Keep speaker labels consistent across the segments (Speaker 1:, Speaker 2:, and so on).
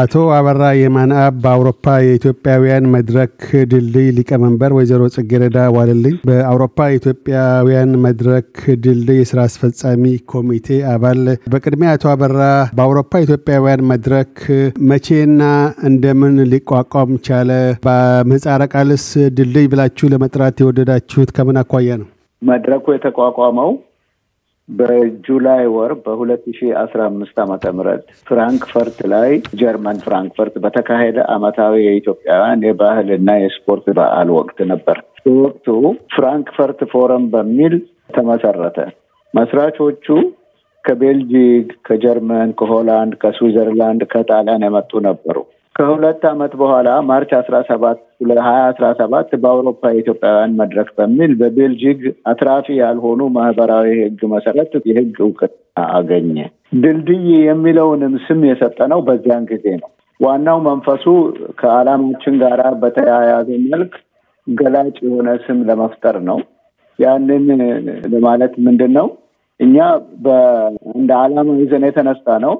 Speaker 1: አቶ አበራ የማንአብ በአውሮፓ የኢትዮጵያውያን መድረክ ድልድይ ሊቀመንበር፣ ወይዘሮ ጽጌረዳ ዋልልኝ በአውሮፓ የኢትዮጵያውያን መድረክ ድልድይ የስራ አስፈጻሚ ኮሚቴ አባል። በቅድሚያ አቶ አበራ በአውሮፓ የኢትዮጵያውያን መድረክ መቼና እንደምን ሊቋቋም ቻለ? በምህጻረ ቃልስ ድልድይ ብላችሁ ለመጥራት የወደዳችሁት ከምን አኳያ ነው?
Speaker 2: መድረኩ የተቋቋመው በጁላይ ወር በ2015 ዓመተ ምህረት ፍራንክፈርት ላይ ጀርመን ፍራንክፈርት በተካሄደ ዓመታዊ የኢትዮጵያውያን የባህልና የስፖርት በዓል ወቅት ነበር። በወቅቱ ፍራንክፈርት ፎረም በሚል ተመሰረተ። መስራቾቹ ከቤልጂክ፣ ከጀርመን፣ ከሆላንድ፣ ከስዊዘርላንድ፣ ከጣሊያን የመጡ ነበሩ። ከሁለት ዓመት በኋላ ማርች አስራ ሰባት ሀያ አስራ ሰባት በአውሮፓ የኢትዮጵያውያን መድረክ በሚል በቤልጂግ አትራፊ ያልሆኑ ማህበራዊ ህግ መሰረት የህግ እውቅና አገኘ። ድልድይ የሚለውንም ስም የሰጠነው በዚያን ጊዜ ነው። ዋናው መንፈሱ ከዓላማችን ጋር በተያያዘ መልክ ገላጭ የሆነ ስም ለመፍጠር ነው። ያንን ለማለት ምንድን ነው እኛ እንደ ዓላማ ይዘን የተነሳ ነው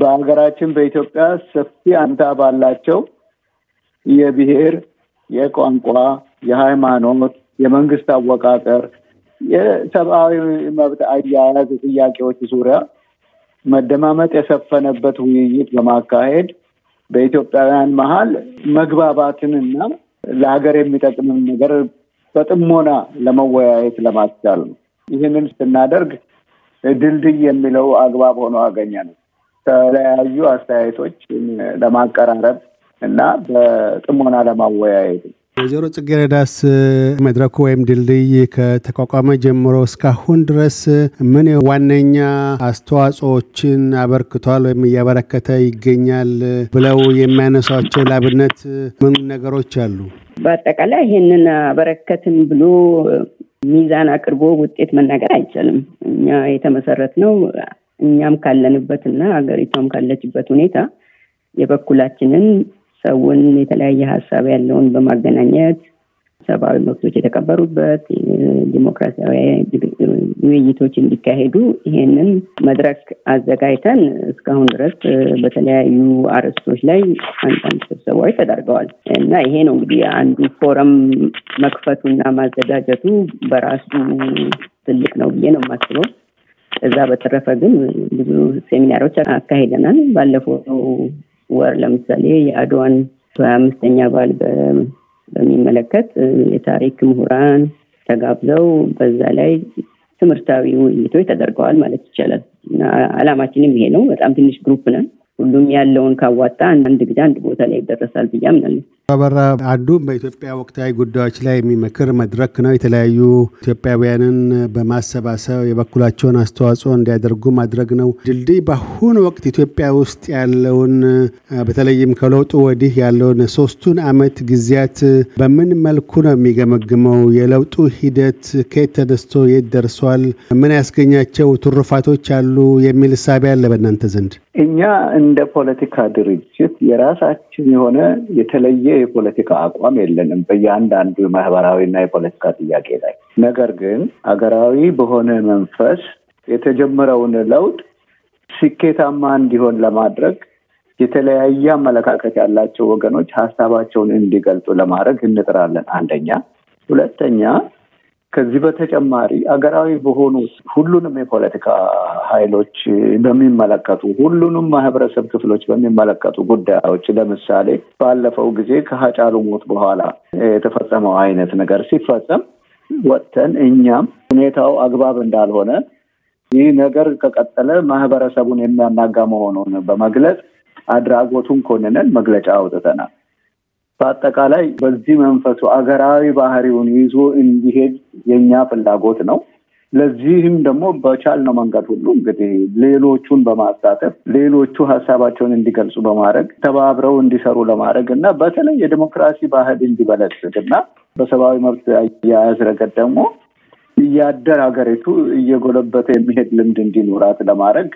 Speaker 2: በሀገራችን በኢትዮጵያ ሰፊ አንታ ባላቸው የብሔር፣ የቋንቋ፣ የሃይማኖት፣ የመንግስት አወቃቀር፣ የሰብአዊ መብት አያያዝ ጥያቄዎች ዙሪያ መደማመጥ የሰፈነበት ውይይት በማካሄድ በኢትዮጵያውያን መሀል መግባባትንና ለሀገር የሚጠቅምን ነገር በጥሞና ለመወያየት ለማስቻል ነው። ይህንን ስናደርግ ድልድይ የሚለው አግባብ ሆኖ አገኘ ነው። የተለያዩ አስተያየቶች ለማቀራረብ እና በጥሞና ለማወያየት
Speaker 1: ወይዘሮ ጽጌረዳስ መድረኩ ወይም ድልድይ ከተቋቋመ ጀምሮ እስካሁን ድረስ ምን ዋነኛ አስተዋጽኦችን አበርክቷል ወይም እያበረከተ ይገኛል ብለው የሚያነሷቸው ላብነት ምን ነገሮች አሉ?
Speaker 3: በአጠቃላይ ይህንን አበረከትን ብሎ ሚዛን አቅርቦ ውጤት መናገር አይቻልም። እኛ የተመሰረት ነው እኛም ካለንበት እና ሀገሪቷም ካለችበት ሁኔታ የበኩላችንን ሰውን የተለያየ ሀሳብ ያለውን በማገናኘት ሰብአዊ መብቶች የተከበሩበት ዲሞክራሲያዊ ውይይቶች እንዲካሄዱ ይሄንን መድረክ አዘጋጅተን እስካሁን ድረስ በተለያዩ አርዕስቶች ላይ አንዳንድ ስብሰባዎች ተደርገዋል እና ይሄ ነው እንግዲህ አንዱ ፎረም መክፈቱና ማዘጋጀቱ በራሱ ትልቅ ነው ብዬ ነው የማስበው። እዛ በተረፈ ግን ብዙ ሴሚናሮች አካሂደናል። ባለፈው ወር ለምሳሌ የአድዋን በአምስተኛ አምስተኛ በዓል በሚመለከት የታሪክ ምሁራን ተጋብዘው በዛ ላይ ትምህርታዊ ውይይቶች ተደርገዋል ማለት ይቻላል። አላማችንም ይሄ ነው። በጣም ትንሽ ግሩፕ ነን። ሁሉም ያለውን ካዋጣ አንድ ጊዜ አንድ ቦታ ላይ ይደረሳል ብዬ አምናለሁ።
Speaker 1: አበራ አንዱ በኢትዮጵያ ወቅታዊ ጉዳዮች ላይ የሚመክር መድረክ ነው። የተለያዩ ኢትዮጵያውያንን በማሰባሰብ የበኩላቸውን አስተዋጽኦ እንዲያደርጉ ማድረግ ነው። ድልድይ በአሁኑ ወቅት ኢትዮጵያ ውስጥ ያለውን በተለይም ከለውጡ ወዲህ ያለውን ሶስቱን አመት ጊዜያት በምን መልኩ ነው የሚገመግመው? የለውጡ ሂደት ከየት ተነስቶ የት ደርሷል? ምን ያስገኛቸው ትሩፋቶች አሉ የሚል እሳቤ አለ በእናንተ ዘንድ?
Speaker 2: እኛ እንደ ፖለቲካ ድርጅት የራሳችን የራሳችን የሆነ የተለየ የፖለቲካ አቋም የለንም በእያንዳንዱ የማህበራዊና የፖለቲካ ጥያቄ ላይ። ነገር ግን አገራዊ በሆነ መንፈስ የተጀመረውን ለውጥ ስኬታማ እንዲሆን ለማድረግ የተለያየ አመለካከት ያላቸው ወገኖች ሀሳባቸውን እንዲገልጡ ለማድረግ እንጥራለን። አንደኛ። ሁለተኛ ከዚህ በተጨማሪ አገራዊ በሆኑ ሁሉንም የፖለቲካ ኃይሎች በሚመለከቱ ሁሉንም ማህበረሰብ ክፍሎች በሚመለከቱ ጉዳዮች ለምሳሌ ባለፈው ጊዜ ከሀጫሉ ሞት በኋላ የተፈጸመው አይነት ነገር ሲፈጸም ወጥተን እኛም ሁኔታው አግባብ እንዳልሆነ ይህ ነገር ከቀጠለ ማህበረሰቡን የሚያናጋ መሆኑን በመግለጽ አድራጎቱን ኮንነን መግለጫ አውጥተናል። በአጠቃላይ በዚህ መንፈሱ አገራዊ ባህሪውን ይዞ እንዲሄድ የኛ ፍላጎት ነው። ለዚህም ደግሞ በቻልነው መንገድ ሁሉ እንግዲህ ሌሎቹን በማሳተፍ ሌሎቹ ሀሳባቸውን እንዲገልጹ በማድረግ ተባብረው እንዲሰሩ ለማድረግ እና በተለይ የዲሞክራሲ ባህል እንዲበለጽግ እና በሰብአዊ መብት አያያዝ ረገድ ደግሞ እያደር ሀገሪቱ እየጎለበተ የሚሄድ ልምድ እንዲኖራት ለማድረግ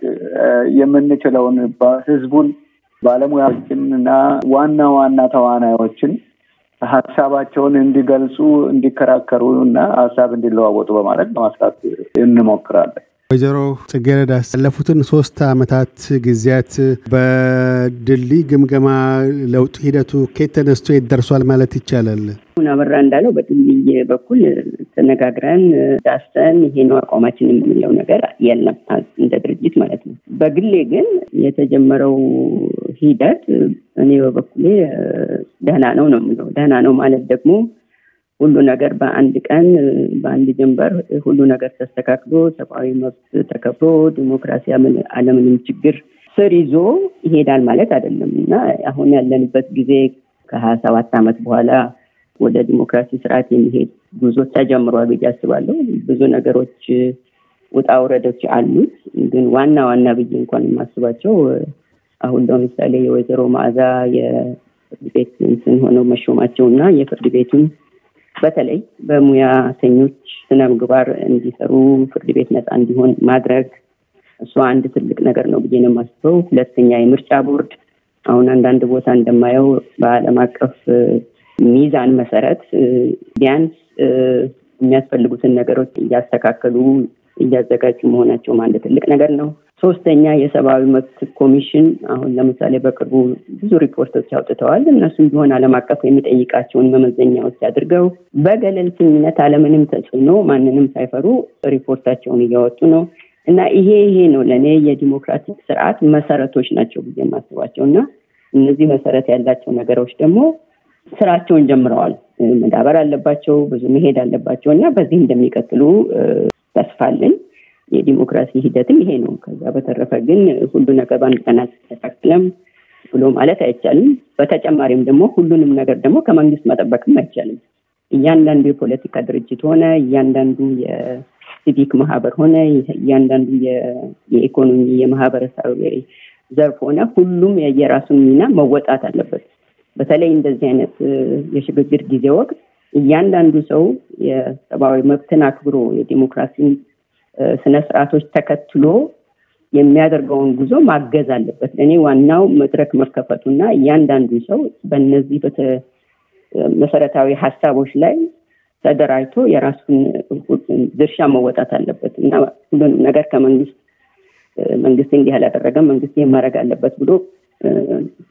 Speaker 2: የምንችለውን ህዝቡን ባለሙያዎችን እና ዋና ዋና ተዋናዮችን ሀሳባቸውን እንዲገልጹ፣ እንዲከራከሩ እና ሀሳብ እንዲለዋወጡ በማለት በማስራት እንሞክራለን።
Speaker 1: ወይዘሮ ጽጌረዳ ያለፉትን ሶስት አመታት ጊዜያት በ ድልድይ ግምገማ ለውጥ ሂደቱ ከየት ተነስቶ ደርሷል ማለት ይቻላል?
Speaker 3: አሁን አበራ እንዳለው በድልድይ በኩል ተነጋግረን ዳስተን ይሄ ነው አቋማችን የምንለው ነገር የለም እንደ ድርጅት ማለት ነው። በግሌ ግን የተጀመረው ሂደት እኔ በበኩሌ ደህና ነው ነው የምለው። ደህና ነው ማለት ደግሞ ሁሉ ነገር በአንድ ቀን በአንድ ጀንበር ሁሉ ነገር ተስተካክሎ ሰብአዊ መብት ተከብሮ ዲሞክራሲ አለምንም ችግር ስር ይዞ ይሄዳል ማለት አይደለም እና አሁን ያለንበት ጊዜ ከሀያ ሰባት ዓመት በኋላ ወደ ዲሞክራሲ ስርዓት የሚሄድ ጉዞ ተጀምሯል ብዬ አስባለሁ። ብዙ ነገሮች ውጣ ውረዶች አሉት። ግን ዋና ዋና ብዬ እንኳን የማስባቸው አሁን ለምሳሌ የወይዘሮ መዓዛ የፍርድ ቤት እንትን ሆነው መሾማቸው እና የፍርድ ቤቱን በተለይ በሙያተኞች ስነ ምግባር እንዲሰሩ ፍርድ ቤት ነፃ እንዲሆን ማድረግ እሱ አንድ ትልቅ ነገር ነው ብዬ ነው የማስበው። ሁለተኛ የምርጫ ቦርድ አሁን አንዳንድ ቦታ እንደማየው በዓለም አቀፍ ሚዛን መሰረት ቢያንስ የሚያስፈልጉትን ነገሮች እያስተካከሉ እያዘጋጁ መሆናቸውም አንድ ትልቅ ነገር ነው። ሶስተኛ የሰብአዊ መብት ኮሚሽን አሁን ለምሳሌ በቅርቡ ብዙ ሪፖርቶች አውጥተዋል። እነሱም ቢሆን ዓለም አቀፍ የሚጠይቃቸውን መመዘኛዎች አድርገው በገለልተኝነት አለምንም ተጽዕኖ ማንንም ሳይፈሩ ሪፖርታቸውን እያወጡ ነው። እና ይሄ ይሄ ነው ለእኔ የዲሞክራቲክ ስርዓት መሰረቶች ናቸው ብዬ የማስባቸው እና እነዚህ መሰረት ያላቸው ነገሮች ደግሞ ስራቸውን ጀምረዋል። መዳበር አለባቸው፣ ብዙ መሄድ አለባቸው እና በዚህ እንደሚቀጥሉ ተስፋለን። የዲሞክራሲ ሂደትም ይሄ ነው። ከዛ በተረፈ ግን ሁሉ ነገር በአንድ ቀናት አልተስተካከለም ብሎ ማለት አይቻልም። በተጨማሪም ደግሞ ሁሉንም ነገር ደግሞ ከመንግስት መጠበቅም አይቻልም። እያንዳንዱ የፖለቲካ ድርጅት ሆነ እያንዳንዱ ሲቪክ ማህበር ሆነ እያንዳንዱ የኢኮኖሚ የማህበረሰብ ዘርፍ ሆነ ሁሉም የራሱን ሚና መወጣት አለበት። በተለይ እንደዚህ አይነት የሽግግር ጊዜ ወቅት እያንዳንዱ ሰው የሰብአዊ መብትን አክብሮ የዲሞክራሲን ስነስርዓቶች ተከትሎ የሚያደርገውን ጉዞ ማገዝ አለበት። ለእኔ ዋናው መድረክ መከፈቱና እያንዳንዱ ሰው በነዚህ መሰረታዊ ሀሳቦች ላይ ተደራጅቶ የራሱን ድርሻ መወጣት አለበት እና ሁሉንም ነገር ከመንግስት መንግስት እንዲህ ያላደረገ መንግስት ይህ ማድረግ አለበት ብሎ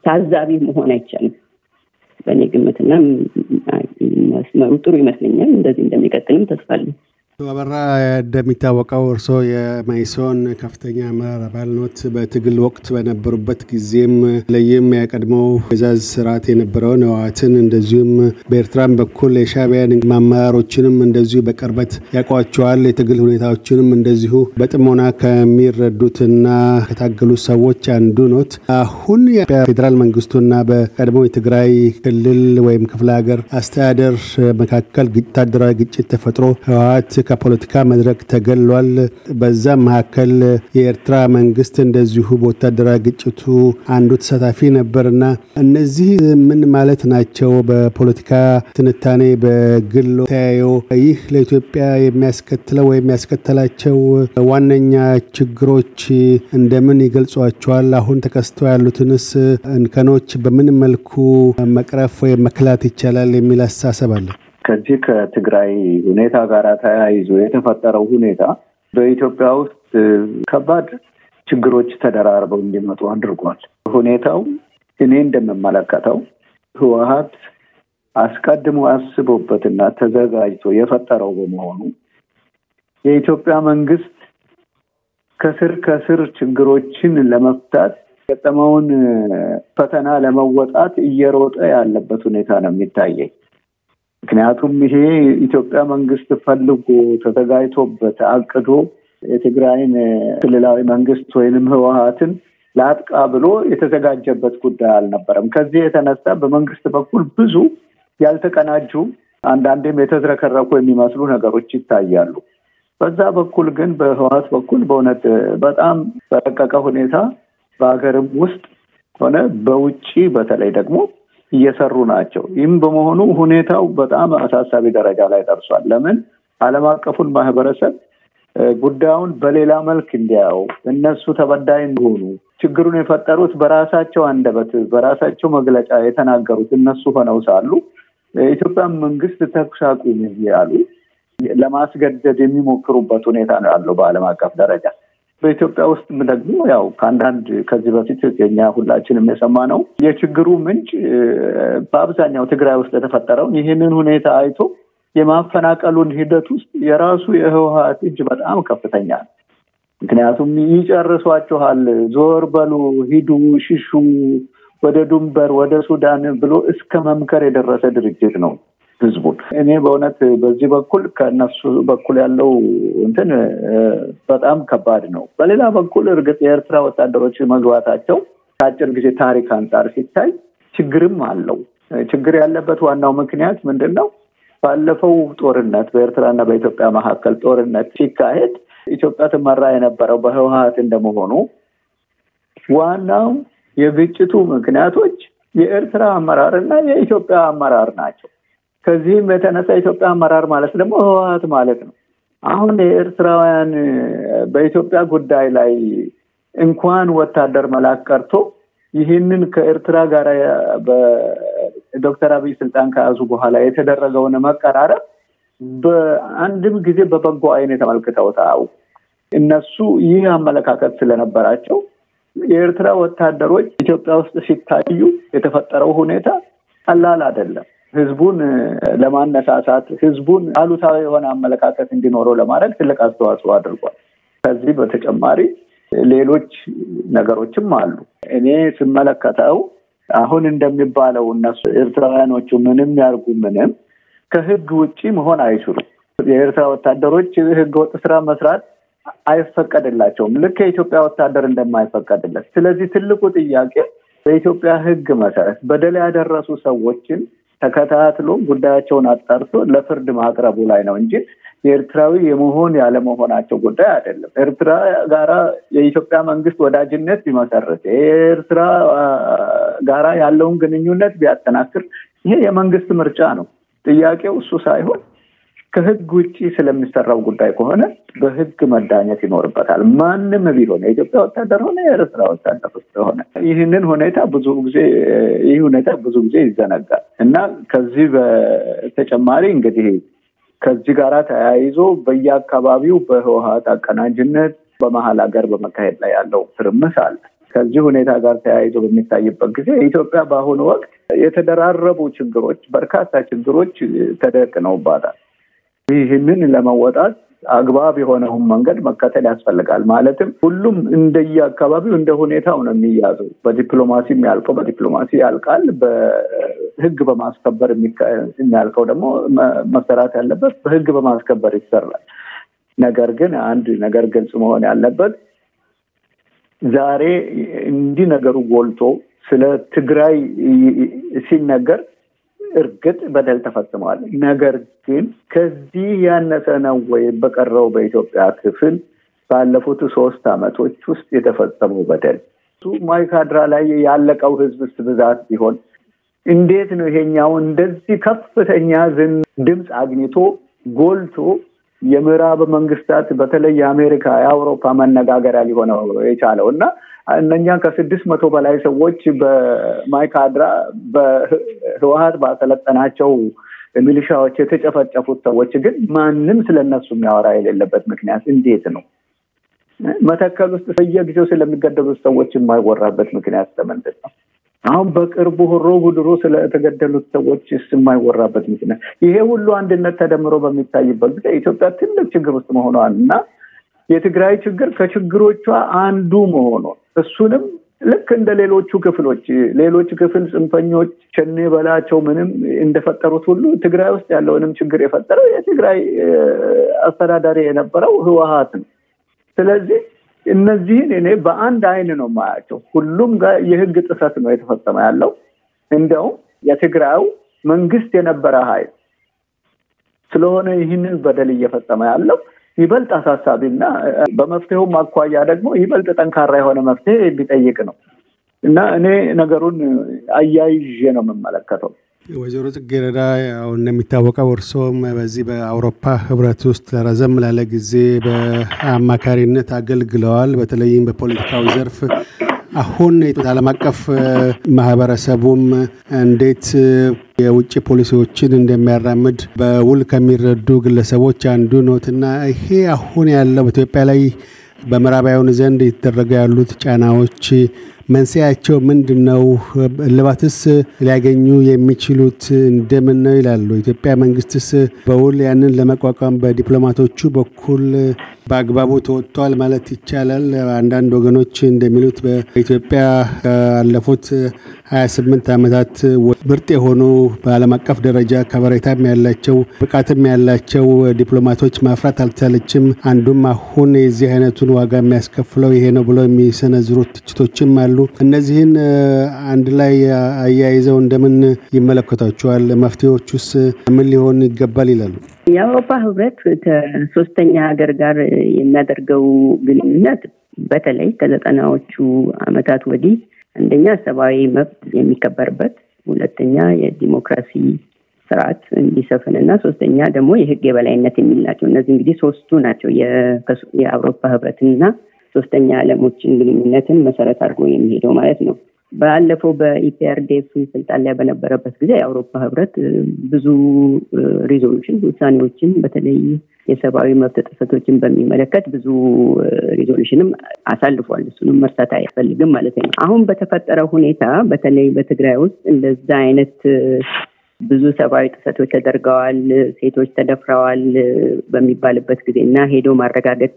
Speaker 3: ታዛቢ መሆን አይቻልም። በእኔ ግምትና መስመሩ ጥሩ ይመስለኛል። እንደዚህ እንደሚቀጥልም ተስፋ
Speaker 1: አበራ እንደሚታወቀው እርስዎ የማይሶን ከፍተኛ አመራር አባል ኖት። በትግል ወቅት በነበሩበት ጊዜም ለይም የቀድሞው ዛዝ ስርዓት የነበረውን ህወሓትን እንደዚሁም በኤርትራም በኩል የሻቢያን አመራሮችንም እንደዚሁ በቅርበት ያውቋቸዋል። የትግል ሁኔታዎችንም እንደዚሁ በጥሞና ከሚረዱትና ከታገሉ ሰዎች አንዱ ኖት። አሁን በፌዴራል መንግስቱና በቀድሞ የትግራይ ክልል ወይም ክፍለ ሀገር አስተዳደር መካከል ወታደራዊ ግጭት ተፈጥሮ ህወሓት ከፖለቲካ መድረክ ተገሏል። በዛም መካከል የኤርትራ መንግስት እንደዚሁ በወታደራዊ ግጭቱ አንዱ ተሳታፊ ነበርና እነዚህ ምን ማለት ናቸው? በፖለቲካ ትንታኔ በግሎ ተያዩ፣ ይህ ለኢትዮጵያ የሚያስከትለው ወይም ያስከተላቸው ዋነኛ ችግሮች እንደምን ይገልጿቸዋል? አሁን ተከስተው ያሉትንስ እንከኖች በምን መልኩ መቅረፍ ወይም መክላት ይቻላል የሚል አስተሳሰብ አለ።
Speaker 2: ከዚህ ከትግራይ ሁኔታ ጋር ተያይዞ የተፈጠረው ሁኔታ በኢትዮጵያ ውስጥ ከባድ ችግሮች ተደራርበው እንዲመጡ አድርጓል። ሁኔታው እኔ እንደምመለከተው ህወሀት አስቀድሞ አስቦበትና ተዘጋጅቶ የፈጠረው በመሆኑ የኢትዮጵያ መንግስት ከስር ከስር ችግሮችን ለመፍታት የገጠመውን ፈተና ለመወጣት እየሮጠ ያለበት ሁኔታ ነው የሚታየኝ። ምክንያቱም ይሄ ኢትዮጵያ መንግስት ፈልጎ ተዘጋጅቶበት አቅዶ የትግራይን ክልላዊ መንግስት ወይንም ህወሀትን ለአጥቃ ብሎ የተዘጋጀበት ጉዳይ አልነበረም። ከዚህ የተነሳ በመንግስት በኩል ብዙ ያልተቀናጁ አንዳንዴም የተዝረከረኩ የሚመስሉ ነገሮች ይታያሉ። በዛ በኩል ግን በህወሀት በኩል በእውነት በጣም በረቀቀ ሁኔታ በሀገርም ውስጥ ሆነ በውጭ በተለይ ደግሞ እየሰሩ ናቸው። ይህም በመሆኑ ሁኔታው በጣም አሳሳቢ ደረጃ ላይ ደርሷል። ለምን ዓለም አቀፉን ማህበረሰብ ጉዳዩን በሌላ መልክ እንዲያው እነሱ ተበዳይ እንደሆኑ ችግሩን የፈጠሩት በራሳቸው አንደበት በራሳቸው መግለጫ የተናገሩት እነሱ ሆነው ሳሉ የኢትዮጵያ መንግስት ተኩስ አቁም ያሉ ለማስገደድ የሚሞክሩበት ሁኔታ ነው ያለው በዓለም አቀፍ ደረጃ። በኢትዮጵያ ውስጥ ደግሞ ያው ከአንዳንድ ከዚህ በፊት የኛ ሁላችንም የሰማ ነው የችግሩ ምንጭ በአብዛኛው ትግራይ ውስጥ የተፈጠረውን ይህንን ሁኔታ አይቶ የማፈናቀሉን ሂደት ውስጥ የራሱ የህወሀት እጅ በጣም ከፍተኛ ነው። ምክንያቱም ይጨርሷችኋል፣ ዞር በሉ፣ ሂዱ፣ ሽሹ፣ ወደ ድንበር፣ ወደ ሱዳን ብሎ እስከ መምከር የደረሰ ድርጅት ነው ህዝቡን። እኔ በእውነት በዚህ በኩል ከእነሱ በኩል ያለው እንትን በጣም ከባድ ነው። በሌላ በኩል እርግጥ የኤርትራ ወታደሮች መግባታቸው ከአጭር ጊዜ ታሪክ አንጻር ሲታይ ችግርም አለው። ችግር ያለበት ዋናው ምክንያት ምንድን ነው? ባለፈው ጦርነት በኤርትራና በኢትዮጵያ መካከል ጦርነት ሲካሄድ ኢትዮጵያ ትመራ የነበረው በህወሀት እንደመሆኑ ዋናው የግጭቱ ምክንያቶች የኤርትራ አመራርና የኢትዮጵያ አመራር ናቸው። ከዚህም የተነሳ የኢትዮጵያ አመራር ማለት ደግሞ ህወሀት ማለት ነው። አሁን የኤርትራውያን በኢትዮጵያ ጉዳይ ላይ እንኳን ወታደር መላክ ቀርቶ ይህንን ከኤርትራ ጋር በዶክተር አብይ ስልጣን ከያዙ በኋላ የተደረገውን መቀራረብ በአንድም ጊዜ በበጎ አይን የተመልክተው ታው እነሱ ይህ አመለካከት ስለነበራቸው የኤርትራ ወታደሮች ኢትዮጵያ ውስጥ ሲታዩ የተፈጠረው ሁኔታ ቀላል አይደለም። ህዝቡን ለማነሳሳት ህዝቡን አሉታዊ የሆነ አመለካከት እንዲኖረው ለማድረግ ትልቅ አስተዋጽኦ አድርጓል። ከዚህ በተጨማሪ ሌሎች ነገሮችም አሉ። እኔ ስመለከተው አሁን እንደሚባለው እነሱ ኤርትራውያኖቹ ምንም ያርጉ ምንም ከህግ ውጭ መሆን አይችሉም። የኤርትራ ወታደሮች ህገ ወጥ ስራ መስራት አይፈቀድላቸውም፣ ልክ የኢትዮጵያ ወታደር እንደማይፈቀድለት። ስለዚህ ትልቁ ጥያቄ በኢትዮጵያ ህግ መሰረት በደል ያደረሱ ሰዎችን ተከታትሎ ጉዳያቸውን አጣርቶ ለፍርድ ማቅረቡ ላይ ነው እንጂ የኤርትራዊ የመሆን ያለመሆናቸው ጉዳይ አይደለም። ኤርትራ ጋራ የኢትዮጵያ መንግስት ወዳጅነት ቢመሰረት የኤርትራ ጋራ ያለውን ግንኙነት ቢያጠናክር ይሄ የመንግስት ምርጫ ነው። ጥያቄው እሱ ሳይሆን ከህግ ውጭ ስለሚሰራው ጉዳይ ከሆነ በህግ መዳኘት ይኖርበታል። ማንም ቢሆን የኢትዮጵያ ወታደር ሆነ የኤርትራ ወታደር ሆነ ይህንን ሁኔታ ብዙ ጊዜ ይህ ሁኔታ ብዙ ጊዜ ይዘነጋል እና ከዚህ በተጨማሪ እንግዲህ ከዚህ ጋራ ተያይዞ በየአካባቢው በህወሀት አቀናጅነት በመሀል ሀገር በመካሄድ ላይ ያለው ትርምስ አለ። ከዚህ ሁኔታ ጋር ተያይዞ በሚታይበት ጊዜ ኢትዮጵያ በአሁኑ ወቅት የተደራረቡ ችግሮች፣ በርካታ ችግሮች ተደቅነውባታል። ይህንን ለመወጣት አግባብ የሆነውን መንገድ መከተል ያስፈልጋል። ማለትም ሁሉም እንደየ አካባቢው እንደ ሁኔታው ነው የሚያዘው። በዲፕሎማሲ የሚያልቀው በዲፕሎማሲ ያልቃል። በህግ በማስከበር የሚያልቀው ደግሞ መሰራት ያለበት በህግ በማስከበር ይሰራል። ነገር ግን አንድ ነገር ግልጽ መሆን ያለበት ዛሬ እንዲህ ነገሩ ጎልቶ ስለ ትግራይ ሲነገር እርግጥ በደል ተፈጽመዋል። ነገር ግን ከዚህ ያነሰ ነው ወይ በቀረው በኢትዮጵያ ክፍል ባለፉት ሶስት ዓመቶች ውስጥ የተፈጸመው በደል? ማይካድራ ላይ ያለቀው ህዝብስ ብዛት ቢሆን እንዴት ነው ይሄኛው እንደዚህ ከፍተኛ ዝን ድምፅ አግኝቶ ጎልቶ የምዕራብ መንግስታት በተለይ የአሜሪካ የአውሮፓ መነጋገሪያ ሊሆነው የቻለው እና እነኛ ከስድስት መቶ በላይ ሰዎች በማይካድራ በህወሀት ባሰለጠናቸው ሚሊሻዎች የተጨፈጨፉት ሰዎች ግን ማንም ስለነሱ የሚያወራ የሌለበት ምክንያት እንዴት ነው? መተከል ውስጥ በየጊዜው ስለሚገደሉት ሰዎች የማይወራበት ምክንያት ለምንድን ነው? አሁን በቅርቡ ሆሮ ጉድሮ ስለተገደሉት ሰዎች የማይወራበት ምክንያት ይሄ ሁሉ አንድነት ተደምሮ በሚታይበት ጊዜ ኢትዮጵያ ትልቅ ችግር ውስጥ መሆኗን እና የትግራይ ችግር ከችግሮቿ አንዱ መሆኑን እሱንም ልክ እንደ ሌሎቹ ክፍሎች ሌሎች ክፍል ጽንፈኞች ሸኔ በላቸው ምንም እንደፈጠሩት ሁሉ ትግራይ ውስጥ ያለውንም ችግር የፈጠረው የትግራይ አስተዳዳሪ የነበረው ህወሀት ነው። ስለዚህ እነዚህን እኔ በአንድ አይን ነው የማያቸው። ሁሉም ጋር የህግ ጥሰት ነው የተፈጸመ ያለው። እንደውም የትግራዩ መንግስት የነበረ ሀይል ስለሆነ ይህንን በደል እየፈጸመ ያለው ይበልጥ አሳሳቢና በመፍትሄውም አኳያ ደግሞ ይበልጥ ጠንካራ የሆነ መፍትሄ የሚጠይቅ ነው እና እኔ ነገሩን አያይዤ ነው የምመለከተው።
Speaker 1: ወይዘሮ ጽጌረዳ አሁን እንደሚታወቀው እርስዎም በዚህ በአውሮፓ ህብረት ውስጥ ረዘም ላለ ጊዜ በአማካሪነት አገልግለዋል። በተለይም በፖለቲካዊ ዘርፍ አሁን ዓለም አቀፍ ማህበረሰቡም እንዴት የውጭ ፖሊሲዎችን እንደሚያራምድ በውል ከሚረዱ ግለሰቦች አንዱ ኖትና ይሄ አሁን ያለው በኢትዮጵያ ላይ በምዕራባውያን ዘንድ የተደረገ ያሉት ጫናዎች መንስያቸው ምንድን ነው? እልባትስ ሊያገኙ የሚችሉት እንደምን ነው ይላሉ። ኢትዮጵያ መንግስትስ በውል ያንን ለመቋቋም በዲፕሎማቶቹ በኩል በአግባቡ ተወጥቷል ማለት ይቻላል። አንዳንድ ወገኖች እንደሚሉት በኢትዮጵያ ካለፉት 28 ዓመታት ምርጥ የሆኑ በዓለም አቀፍ ደረጃ ከበሬታም ያላቸው ብቃትም ያላቸው ዲፕሎማቶች ማፍራት አልቻለችም። አንዱም አሁን የዚህ አይነቱን ዋጋ የሚያስከፍለው ይሄ ነው ብለው የሚሰነዝሩት ትችቶችም አሉ። እነዚህን አንድ ላይ አያይዘው እንደምን ይመለከቷቸዋል? መፍትሄዎቹስ ምን ሊሆን ይገባል ይላሉ?
Speaker 3: የአውሮፓ ህብረት ከሶስተኛ ሀገር ጋር የሚያደርገው ግንኙነት በተለይ ከዘጠናዎቹ አመታት ወዲህ አንደኛ ሰብአዊ መብት የሚከበርበት፣ ሁለተኛ የዲሞክራሲ ስርዓት እንዲሰፍን እና ሶስተኛ ደግሞ የህግ የበላይነት የሚል ናቸው። እነዚህ እንግዲህ ሶስቱ ናቸው የአውሮፓ ህብረትን ሶስተኛ አለሞችን ግንኙነትን መሰረት አድርጎ የሚሄደው ማለት ነው። ባለፈው በኢፒአርዴፍ ስልጣን ላይ በነበረበት ጊዜ የአውሮፓ ህብረት ብዙ ሪዞሉሽን ውሳኔዎችን በተለይ የሰብአዊ መብት ጥሰቶችን በሚመለከት ብዙ ሪዞሉሽንም አሳልፏል። እሱንም መርሳት አይፈልግም ማለት ነው። አሁን በተፈጠረ ሁኔታ በተለይ በትግራይ ውስጥ እንደዛ አይነት ብዙ ሰብአዊ ጥሰቶች ተደርገዋል፣ ሴቶች ተደፍረዋል በሚባልበት ጊዜ እና ሄዶ ማረጋገጥ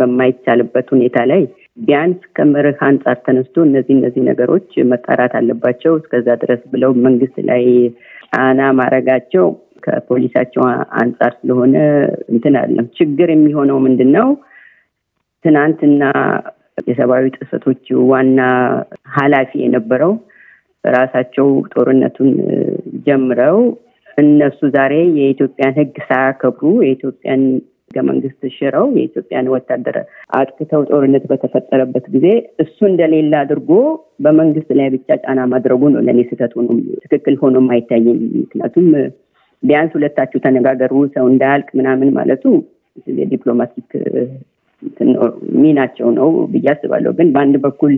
Speaker 3: በማይቻልበት ሁኔታ ላይ ቢያንስ ከመርህ አንጻር ተነስቶ እነዚህ እነዚህ ነገሮች መጣራት አለባቸው እስከዛ ድረስ ብለው መንግስት ላይ ጫና ማድረጋቸው ከፖሊሳቸው አንጻር ስለሆነ እንትን አለም ችግር የሚሆነው ምንድን ነው? ትናንትና የሰብአዊ ጥሰቶች ዋና ሀላፊ የነበረው ራሳቸው ጦርነቱን ጀምረው እነሱ ዛሬ የኢትዮጵያን ህግ ሳያከብሩ የኢትዮጵያን ህገ መንግስት ሽረው የኢትዮጵያን ወታደር አጥቅተው ጦርነት በተፈጠረበት ጊዜ እሱ እንደሌለ አድርጎ በመንግስት ላይ ብቻ ጫና ማድረጉ ነው ለእኔ ስህተት ሆኖ ትክክል ሆኖም አይታየኝ። ምክንያቱም ቢያንስ ሁለታችሁ ተነጋገሩ ሰው እንዳያልቅ ምናምን ማለቱ የዲፕሎማቲክ ሚናቸው ነው ብዬ አስባለሁ። ግን በአንድ በኩል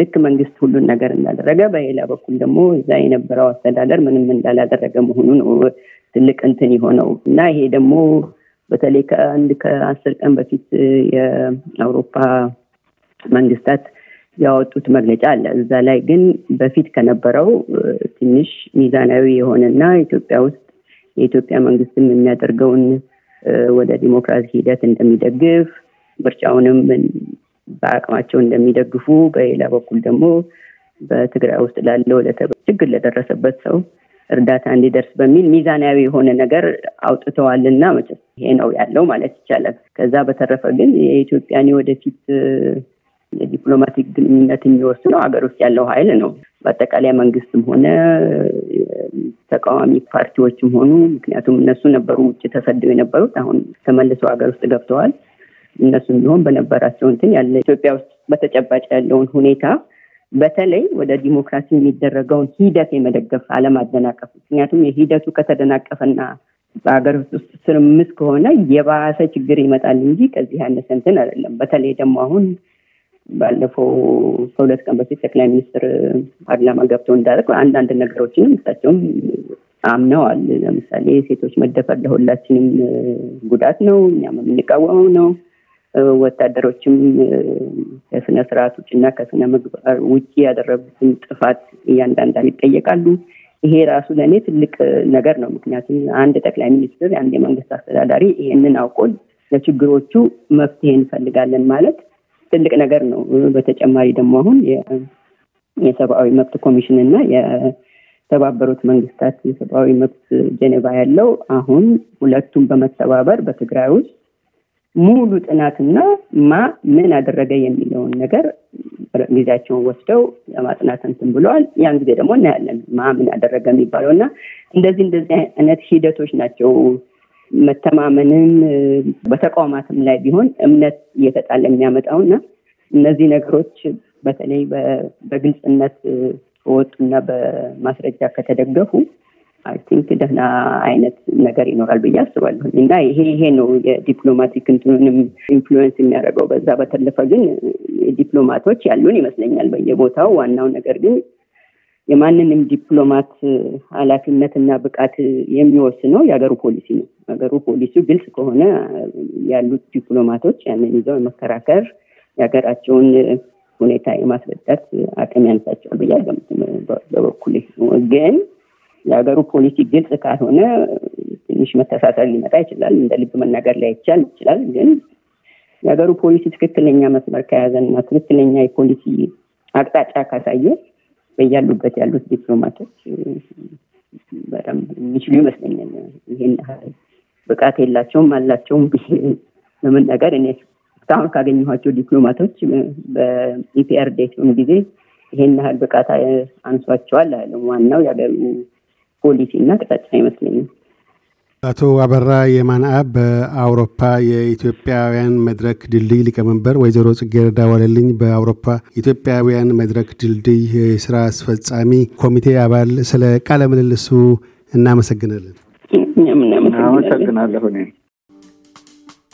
Speaker 3: ልክ መንግስት ሁሉን ነገር እንዳደረገ፣ በሌላ በኩል ደግሞ እዛ የነበረው አስተዳደር ምንም እንዳላደረገ መሆኑ ነው ትልቅ እንትን የሆነው እና ይሄ ደግሞ በተለይ ከአንድ ከአስር ቀን በፊት የአውሮፓ መንግስታት ያወጡት መግለጫ አለ። እዛ ላይ ግን በፊት ከነበረው ትንሽ ሚዛናዊ የሆነና ኢትዮጵያ ውስጥ የኢትዮጵያ መንግስትም የሚያደርገውን ወደ ዲሞክራሲ ሂደት እንደሚደግፍ ምርጫውንም በአቅማቸው እንደሚደግፉ፣ በሌላ በኩል ደግሞ በትግራይ ውስጥ ላለው ችግር ለደረሰበት ሰው እርዳታ እንዲደርስ በሚል ሚዛናዊ የሆነ ነገር አውጥተዋልና መቼም ይሄ ነው ያለው ማለት ይቻላል። ከዛ በተረፈ ግን የኢትዮጵያን ወደፊት የዲፕሎማቲክ ግንኙነት የሚወስነው ሀገር ውስጥ ያለው ኃይል ነው። በአጠቃላይ መንግስትም ሆነ ተቃዋሚ ፓርቲዎችም ሆኑ ምክንያቱም እነሱ ነበሩ ውጭ ተሰደው የነበሩት አሁን ተመልሰው ሀገር ውስጥ ገብተዋል። እነሱም ቢሆን በነበራቸው እንትን ያለ ኢትዮጵያ ውስጥ በተጨባጭ ያለውን ሁኔታ በተለይ ወደ ዲሞክራሲ የሚደረገውን ሂደት የመደገፍ አለማደናቀፍ። ምክንያቱም የሂደቱ ከተደናቀፈና በሀገር ውስጥ ስርምስ ከሆነ የባሰ ችግር ይመጣል እንጂ ከዚህ ያነሰ እንትን አይደለም። በተለይ ደግሞ አሁን ባለፈው ከሁለት ቀን በፊት ጠቅላይ ሚኒስትር ፓርላማ ገብቶ እንዳደረግ አንዳንድ ነገሮችንም እሳቸውም አምነዋል። ለምሳሌ ሴቶች መደፈር ለሁላችንም ጉዳት ነው፣ እኛም የምንቃወመው ነው ወታደሮችም ከስነ ስርዓት እና ከስነ ምግባር ውጭ ያደረጉትን ጥፋት እያንዳንዳን ይጠየቃሉ። ይሄ ራሱ ለእኔ ትልቅ ነገር ነው። ምክንያቱም አንድ ጠቅላይ ሚኒስትር፣ አንድ የመንግስት አስተዳዳሪ ይሄንን አውቆ ለችግሮቹ መፍትሄ እንፈልጋለን ማለት ትልቅ ነገር ነው። በተጨማሪ ደግሞ አሁን የሰብአዊ መብት ኮሚሽን እና የተባበሩት መንግስታት የሰብአዊ መብት ጄኔቫ ያለው አሁን ሁለቱም በመተባበር በትግራይ ውስጥ ሙሉ ጥናትና ማ ምን አደረገ የሚለውን ነገር ጊዜያቸውን ወስደው ለማጥናት እንትን ብለዋል። ያን ጊዜ ደግሞ እናያለን ማ ምን አደረገ የሚባለው እና እንደዚህ እንደዚህ አይነት ሂደቶች ናቸው መተማመንን በተቋማትም ላይ ቢሆን እምነት እየተጣለ የሚያመጣው እና እነዚህ ነገሮች በተለይ በግልጽነት ከወጡና በማስረጃ ከተደገፉ አይ ቲንክ ደህና አይነት ነገር ይኖራል ብዬ አስባለሁ እና ይሄ ይሄ ነው የዲፕሎማቲክ እንትንንም ኢንፍሉዌንስ የሚያደርገው። በዛ በተለፈ ግን ዲፕሎማቶች ያሉን ይመስለኛል በየቦታው። ዋናው ነገር ግን የማንንም ዲፕሎማት ኃላፊነትና ብቃት የሚወስነው የሀገሩ ፖሊሲ ነው። ሀገሩ ፖሊሲ ግልጽ ከሆነ ያሉት ዲፕሎማቶች ያንን ይዘው የመከራከር የሀገራቸውን ሁኔታ የማስረዳት አቅም ያንሳቸዋል ብዬ አልገምትም በበኩሌ ግን የሀገሩ ፖሊሲ ግልጽ ካልሆነ ትንሽ መተሳሰር ሊመጣ ይችላል። እንደ ልብ መናገር ላይቻል ይችላል። ግን የሀገሩ ፖሊሲ ትክክለኛ መስመር ከያዘና ትክክለኛ የፖሊሲ አቅጣጫ ካሳየ በያሉበት ያሉት ዲፕሎማቶች በጣም የሚችሉ ይመስለኛል። ይህን ብቃት የላቸውም አላቸውም ብዬ ለመናገር እኔ እስካሁን ካገኘኋቸው ዲፕሎማቶች በኢፒአር ዴቱን ጊዜ ይሄን ያህል ብቃት አንሷቸዋል አለ ዋናው የሀገሩ ፖሊሲና አቅጣጫ አይመስለኝም።
Speaker 1: አቶ አበራ የማንአብ በአውሮፓ የኢትዮጵያውያን መድረክ ድልድይ ሊቀመንበር፣ ወይዘሮ ጽጌረዳ ዋለልኝ በአውሮፓ ኢትዮጵያውያን መድረክ ድልድይ የስራ አስፈጻሚ ኮሚቴ አባል፣ ስለ ቃለ ምልልሱ እናመሰግናለን።
Speaker 2: አመሰግናለሁ።